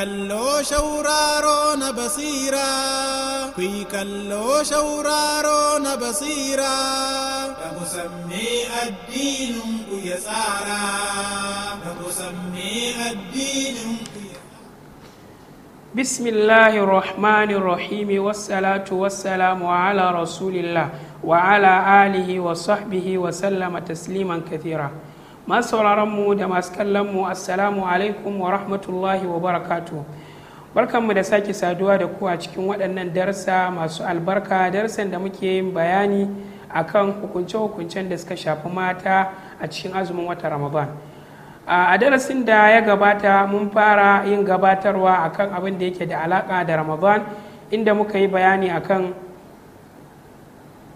kalloo shawraaroo na basiiraa kuyi kalloo shawraaroo na basiiraa kamusammee addiinuun kuyya saaraa kamusammee addiinuun بسم الله الرحمن الرحيم والصلاة والسلام على رسول الله وعلى آله وصحبه وسلم تسليما كثيرا masu sauraron mu da masu kallon mu assalamu alaikum wa rahmatullahi wa barakatu barkanmu da sake saduwa da ku a cikin waɗannan darsa masu albarka darsan da muke yin bayani akan hukunce-hukuncen da suka shafi mata a cikin azumin wata ramadan a darasin da ya gabata mun fara yin gabatarwa akan abin da yake da alaƙa da ramadan inda muka yi bayani akan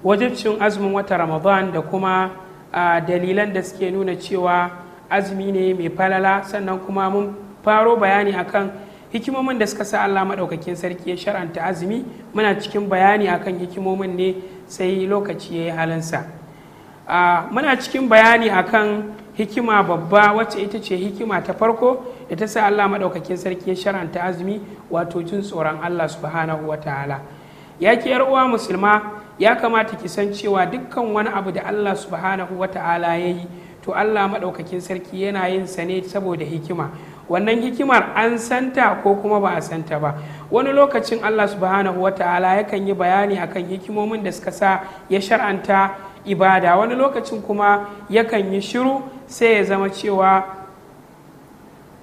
wajibcin azumin wata ramadan da kuma A dalilan da suke nuna cewa azumi ne mai falala sannan kuma mun faro bayani akan hikimomin da suka sa Allah maɗaukakin sarki ya shar'anta azumi muna cikin bayani akan hikimomin ne sai lokaci ya yi halinsa muna cikin bayani akan hikima babba wacce ita ce hikima ta farko da ta sa Allah maɗaukakin sarki ya shar'anta azumi wato jin tsoron Allah subhanahu wa ta'ala ya ki uwa musulma ya kamata ki san cewa dukkan wani abu da Allah subhanahu wa ta'ala ya yi to Allah maɗaukakin sarki yana yin sa ne saboda hikima wannan hikimar an santa ko kuma ba a santa ba wani lokacin Allah subhanahu wa ta'ala yakan yi bayani akan hikimomin da suka sa ya shar'anta ibada wani lokacin kuma yakan yi shiru sai ya zama cewa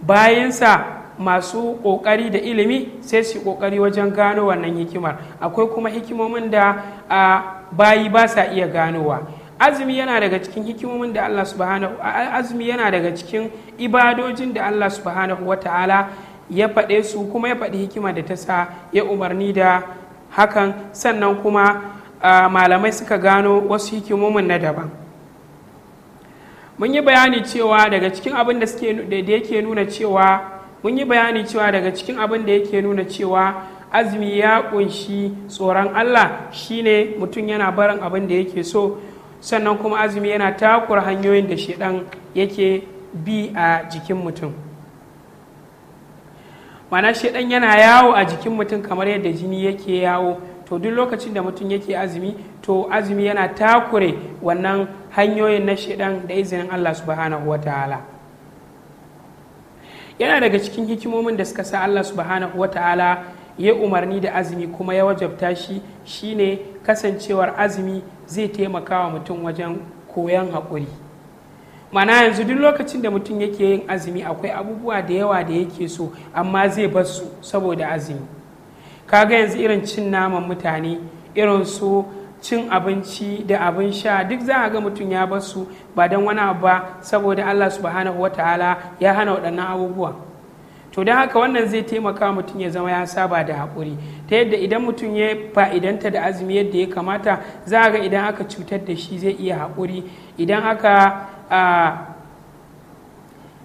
bayansa masu ƙoƙari da ilimi sai su ƙoƙari wajen gano wannan hikimar akwai kuma hikimomin da bayi ba sa iya ganowa azumi yana daga cikin hikimomin da Allah subhanahu azumi yana daga cikin ibadojin da Allah subhanahu wata'ala ya faɗe su kuma ya faɗi hikima da ta sa ya umarni da hakan sannan kuma malamai suka gano wasu hikimomin na daban mun yi bayani cewa daga cikin abin da yake nuna cewa mun yi bayani cewa daga cikin abin da yake nuna cewa azumi ya kunshi tsoron Allah shine mutum yana barin abin da yake so sannan kuma azumi yana takura hanyoyin da ɗan yake bi a jikin mutum mana ɗan yana yawo a jikin mutum kamar yadda jini yake yawo to duk lokacin da mutum yake azumi to azumi yana takure wannan hanyoyin na ɗan da izinin Allah subhanahu wa ta'ala yana daga cikin hikimomin da suka sa Allah subhanahu wa ta'ala ya umarni da azumi kuma ya wajabta shi shine kasancewar azumi zai taimaka wa mutum wajen koyon haƙuri mana yanzu duk lokacin da mutum yake yin azumi akwai abubuwa da yawa da yake so amma zai bar su saboda azumi kaga yanzu irin cin naman mutane irin su cin abinci da abin sha duk za a ga mutum ya bar su ba don wani abu ba saboda Allah subhanahu wataala ya hana waɗannan abubuwa to don haka wannan zai taimaka mutum ya zama ya saba da haƙuri ta yadda idan mutum ya fa'idanta da azumi yadda ya kamata za a ga idan aka cutar da shi zai iya haƙuri idan aka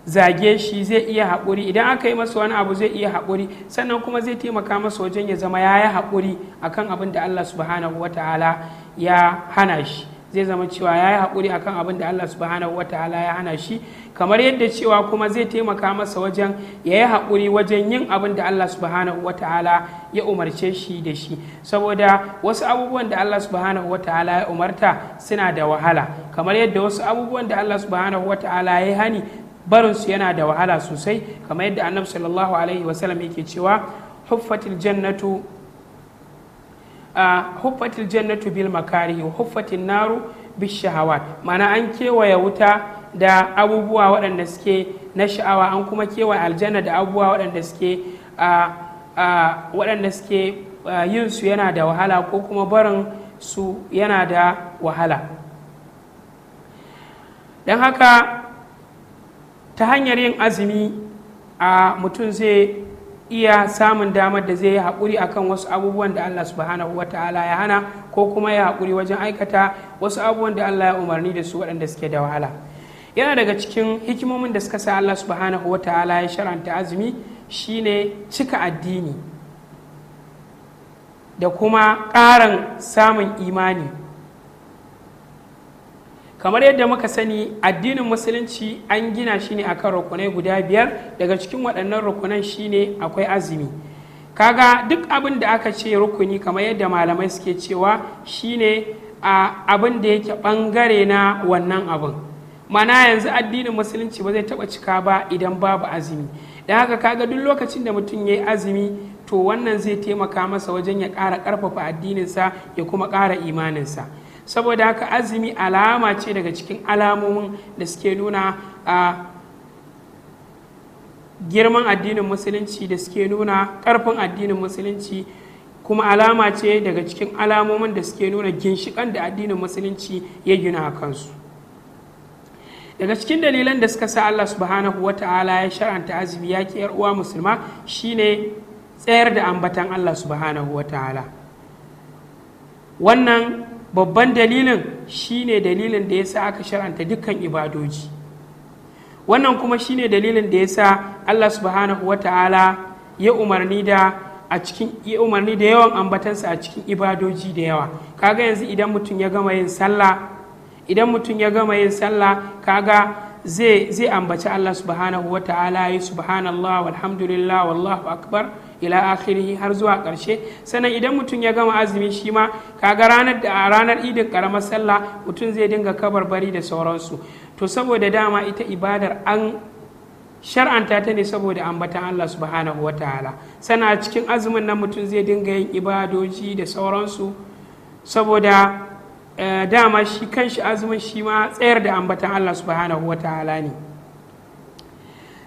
zage shi zai iya haƙuri idan aka yi masa wani abu zai iya haƙuri sannan kuma zai taimaka masa wajen ya zama ya yi haƙuri kan abin da Allah subhanahu wa ta'ala ya hana shi zai zama cewa ya yi haƙuri kan abin da Allah subhanahu wa ta'ala ya hana shi kamar yadda cewa kuma zai taimaka masa wajen ya yi haƙuri wajen yin abin da Allah subhanahu wa ta'ala ya umarce shi da shi saboda wasu abubuwan da Allah subhanahu wa ta'ala ya umarta suna da wahala kamar yadda wasu abubuwan da Allah subhanahu wa ta'ala ya hani barinsu yana da wahala sosai kamar yadda annabi sallallahu alaihi wasallam yake cewa huffatil jannatu huffatil jannatu bil makarihi huffatin naru bis shahawat mana an kewaye wuta da abubuwa waɗanda suke na sha'awa an kuma kewaye aljanna da abubuwa waɗanda suke waɗanda suke yin su yana da wahala ko kuma barin su yana da wahala don haka ta hanyar yin azumi a mutum zai iya samun damar da zai yi haƙuri akan wasu abubuwan da Allah subhanahu wa ta'ala ya hana ko kuma ya haƙuri wajen aikata wasu abubuwan da Allah ya umarni da su waɗanda suke da wahala yana daga cikin hikimomin da suka sa Allah subhanahu wa ta'ala ya sharanta azumi shine cika addini da kuma ƙarin samun imani kamar yadda muka sani addinin musulunci an gina shi ne akan rukunai guda biyar daga cikin waɗannan rukunan shine akwai azumi kaga duk abin da aka ce rukuni kamar yadda malamai suke cewa shine a abin da yake ɓangare na wannan abin mana yanzu addinin musulunci ba zai taɓa cika ba idan babu azumi don haka kaga duk lokacin da mutum ya yi azumi to wannan zai taimaka masa wajen ya ƙara ƙarfafa addininsa ya kuma ƙara imaninsa saboda haka azumi alama ce daga cikin alamomin da suke nuna a girman addinin musulunci da suke nuna ƙarfin addinin musulunci kuma alama ce daga cikin alamomin da suke nuna ginshikan da addinin musulunci ya gina a kansu daga cikin dalilan da suka sa allah subhanahu wa ta'ala ya shar'anta azumi ya ke uwa musulma shine tsayar da ambatan allah subhanahu wa ta'ala wannan babban dalilin shine dalilin da ya sa aka shar'anta dukkan ibadoji wannan kuma shine dalilin da ya sa allah subhanahu wata'ala ya umarni da a cikin ya umarni da yawan ambatansa a cikin ibadoji da yawa kaga yanzu idan mutum ya gama yin sallah idan mutum ya gama yin sallah kaga zai ambaci allah subhanahu wata'ala ya subhanallah walhamdulillah wallahu akbar ila akhirihi har zuwa karshe sannan idan mutum ya gama azumi shi ma kaga ranar da ranar idin karamar sallah mutum zai dinga kabar bari da sauransu to saboda dama ita ibadar an shar'anta ta ne saboda ambatan Allah subhanahu wa ta'ala sannan a cikin azumin nan mutum zai dinga yin ibadoji da sauransu saboda eh, dama shi kanshi azumin shi ma tsayar da ambatan Allah subhanahu wa ta'ala ne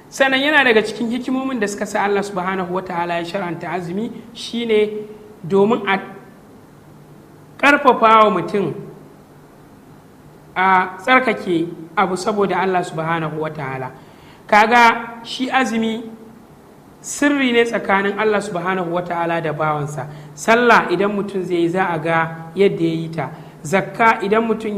sannan yana daga cikin hikimomin da suka sa Allah subhanahu wa ta'ala ya sharanta azumi shine domin a ƙarfafa wa mutum a tsarkake abu saboda Allah subhanahu wa ta'ala kaga shi azumi sirri ne tsakanin Allah subhanahu wa ta'ala da bawansa sallah idan mutum zai za a ga yadda ya yi ta zakka idan mutum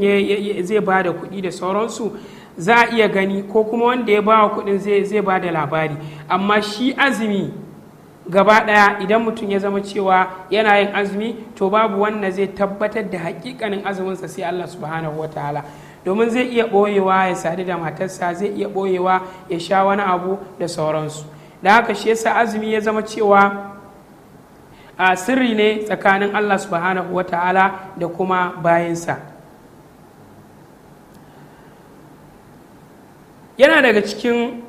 zai ba da kuɗi da sauransu za a iya gani ko kuma wanda ya bawa kuɗin zai zai ba da labari amma shi azumi gaba daya idan mutum ya zama cewa yana yin azumi to babu wanda zai tabbatar da hakikanin azuminsa sai Allah subhanahu wa ta'ala domin zai iya boyewa ya sadu da matarsa zai iya boyewa ya sha wani abu da sauransu da haka shi yasa azumi ya zama cewa a sirri ne tsakanin Allah subhanahu wa ta'ala da kuma bayansa yana daga cikin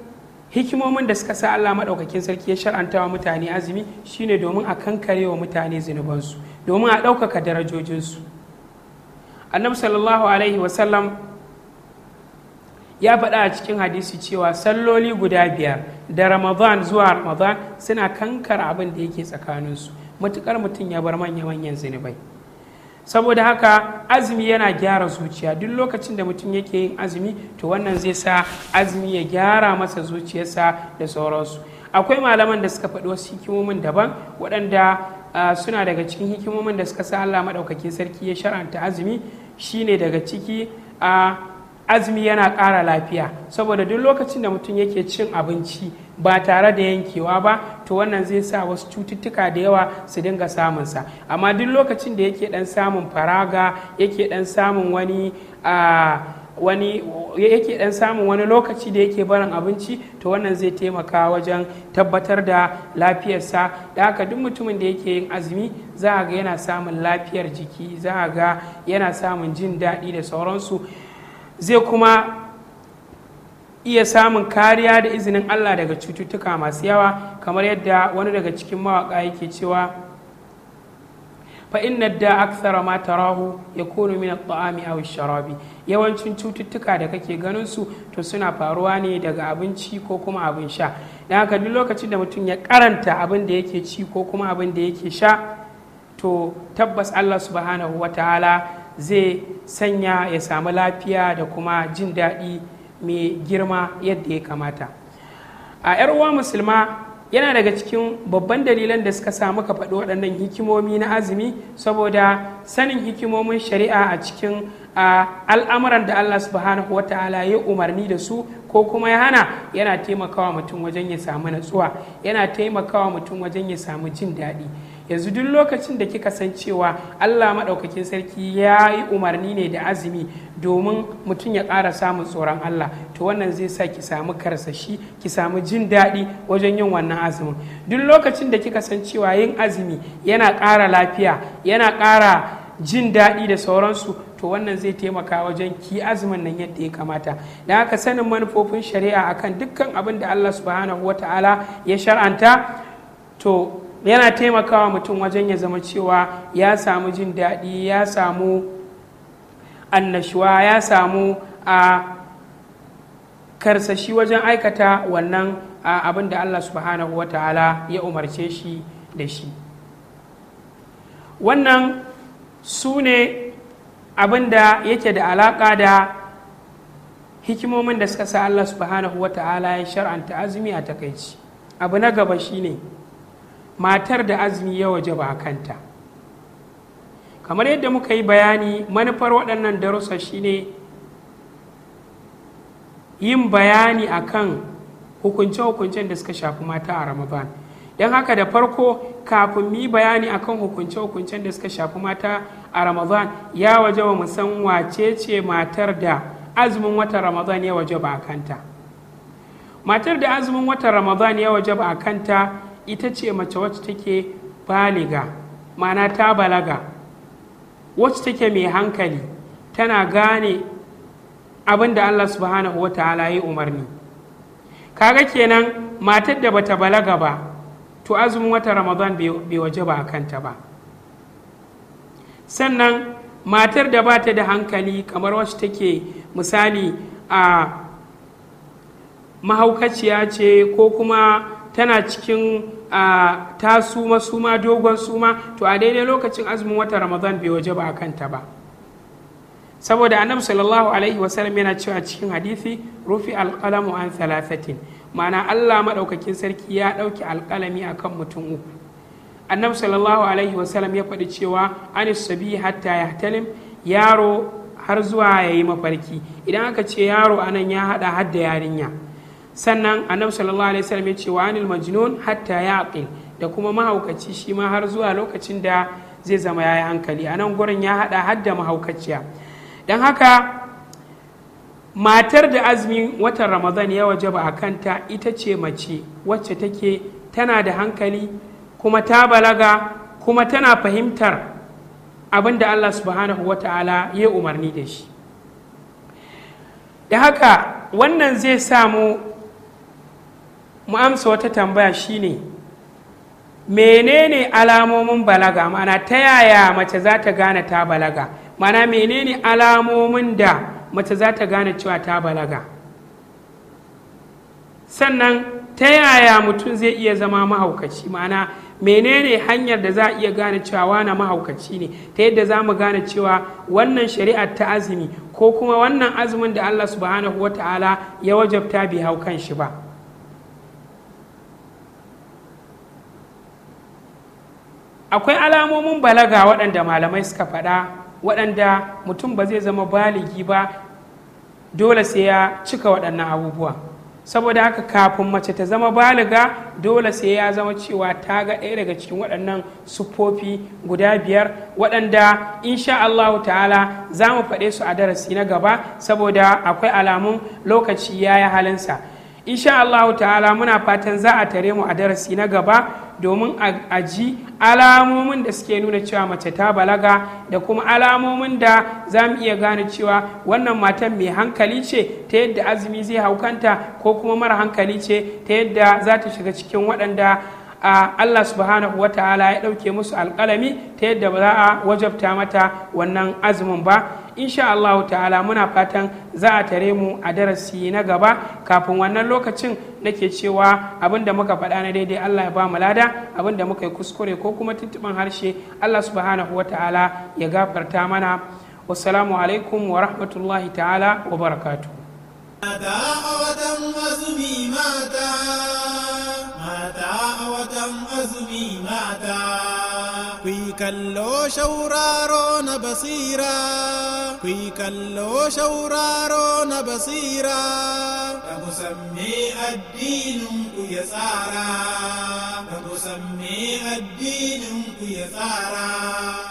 hikimomin da suka sa Allah maɗaukakin sarki ya shar'antawa mutane azumi shine domin a kankare wa mutane zunubansu domin a ɗaukaka darajojinsu annabi sallallahu alaihi wasallam ya faɗa a cikin hadisi cewa salloli guda biyar da ramadan zuwa ramadan suna kankar abin da yake tsakaninsu matukar mutum ya bar manya-manyan zunubai saboda haka azumi yana gyara zuciya duk lokacin da mutum yake yin azumi to wannan zai sa azumi ya gyara masa zuciyarsa da sauransu akwai malaman da suka faɗi wasu hikimomin daban waɗanda suna daga cikin hikimomin da suka sa Allah maɗaukakin sarki ya shar'anta azumi shine daga ciki azumi yana ƙara lafiya saboda duk lokacin da mutum yake cin abinci ba tare da yankewa ba to wannan zai sa wasu cututtuka da yawa su dinga samunsa amma duk lokacin da yake dan samun faraga yake dan samun wani wani yake dan samun wani lokaci da yake barin abinci to wannan zai taimaka wajen tabbatar da lafiyarsa da haka duk mutumin da yake yin azumi za a ga yana samun lafiyar jiki za a ga yana samun jin daɗi da sauransu zai kuma iya samun kariya da izinin Allah daga cututtuka masu yawa kamar yadda wani daga cikin mawaƙa yake cewa fa'in da aksara ma rahu ya kono min taami a sharabi yawancin cututtuka da kake ganin su to suna faruwa ne daga abinci ko kuma abin sha da haka duk lokacin da mutum ya karanta abin da yake ci ko kuma abin da yake sha to tabbas Allah subhanahu wataala zai sanya ya samu lafiya da kuma jin daɗi mai girma yadda ya kamata a 'yar uwa musulma yana daga cikin babban dalilan da suka samu ka faɗi waɗannan hikimomi na azumi saboda sanin hikimomin shari'a a cikin al'amuran da Allah subhanahu wata'ala ya umarni da su ko kuma ya hana yana taimakawa mutum wajen ya samu natsuwa yana taimakawa mutum wajen ya samu jin daɗi yanzu duk lokacin da kika san cewa Allah maɗaukakin sarki ya yi umarni ne da azumi domin mutum ya ƙara samun tsoron Allah to wannan zai sa ki samu karsashi ki samu jin daɗi wajen yin wannan azumin duk lokacin da kika san cewa yin azumi yana ƙara lafiya yana ƙara jin daɗi da sauransu to wannan zai taimaka wajen ki azumin nan yadda ya kamata da aka sanin manufofin shari'a akan dukkan abin da Allah subhanahu wata'ala ya shar'anta to yana taimakawa mutum wajen ya zama cewa ya samu jin daɗi ya samu annashuwa ya samu a karsashi wajen aikata wannan abin da allah subhanahu wa ta'ala ya umarce shi da shi wannan su ne abin da yake da alaƙa da hikimomin da suka sa allah subhanahu wa ta'ala ya shar'anta azumi a takaici abu na gaba shine matar da azumi ya waje ba kanta kamar yadda muka yi bayani manufar waɗannan darussa shine yin bayani a kan hukunce-hukuncen da suka shafi mata a ramadan don haka da farko kafin mi yi bayani kan hukunce-hukuncen da suka shafi mata a ramadan ya waje wa san wace ce matar da azumin watan ramadan ya waje ba a kanta matar da azumin watan ramadan ya waje ba a kanta ita ce mace wacce take baliga ma'ana ta balaga wacce take mai hankali tana gane abin da Allah subhanahu wa ta'ala ya umarni kaga kenan matar da bata balaga ba to azumin wata ramadan bai waje ba a kanta ba sannan matar da ba ta da hankali kamar wacce take misali a mahaukaciya ce ko kuma tana cikin ta suma suma dogon suma to a daidai lokacin azumin wata ramadan bai waje ba a kanta ba saboda annabi sallallahu alaihi wasallam yana cewa cikin hadisi rufi alƙalamu an salasatin. ma'ana allah maɗaukakin sarki ya ɗauki alƙalami akan mutum uku annabi sallallahu alaihi wasallam ya faɗi cewa anis sabi hatta ya yaro har zuwa ya yi mafarki idan aka ce yaro anan ya haɗa hadda yarinya sannan annabi sallallahu alaihi wasallam ya ce wa anil majnun hatta yaqil da kuma mahaukaci shi ma har zuwa lokacin da zai zama yayi hankali a gurin ya hada hadda mahaukaciya dan haka matar da azumin watan ramadan ya wajaba a kanta ita ce mace wacce take tana da hankali kuma ta balaga kuma tana fahimtar abin da allah subhanahu wa ta'ala ya umarni da shi da haka wannan zai samu mu amsa wata tambaya shine menene alamomin balaga mana ta yaya mace za ta gane ta balaga mana menene alamomin da mace za ta gane cewa ta balaga sannan ta yaya mutum zai iya zama mahaukaci mana menene hanyar da za a iya gane cewa wana mahaukaci ne ta yadda za mu gane cewa wannan shari'ar ta azumi ko kuma wannan azumin da allah subhanahu wa ta'ala ya wajabta bai hau kan shi ba akwai alamomin balaga waɗanda malamai suka faɗa waɗanda mutum ba zai zama baligi ba dole sai ya cika waɗannan abubuwa saboda haka kafin mace ta zama baliga dole sai ya zama cewa ta ga ɗaya daga cikin waɗannan siffofi guda biyar waɗanda insha Allahu ta'ala za mu faɗe su a darasi na gaba saboda akwai alamun lokaci ya yi halinsa insha Allahu ta'ala muna fatan za a tare mu a darasi na gaba domin a ji alamomin da suke nuna cewa mace ta balaga da kuma alamomin da za mu iya gane cewa wannan matan mai hankali ce ta yadda azumi zai haukanta ko kuma mara hankali ce ta yadda za ta shiga cikin waɗanda A Allah subhanahu wa ta'ala ya ɗauke musu alƙalami ta yadda ba za a wajabta mata wannan azumin ba insha Allah ta'ala muna fatan za a tare mu a darasi na gaba kafin wannan lokacin nake cewa abin da muka faɗa na daidai Allah ya ba mu lada abin da muka yi kuskure ko kuma tuntuɓin harshe Allah subhanahu wa ta'ala ya gafarta mana wasalamu alaikum wa rahmatullahi ta'ala wa barakatu kalloo shawraaroo na basiiraa kuyi kalloo shawraaroo na basiiraa dhabu sammee addiinuun guyya tsaaraa dhabu sammee addiinuun guyya tsaaraa.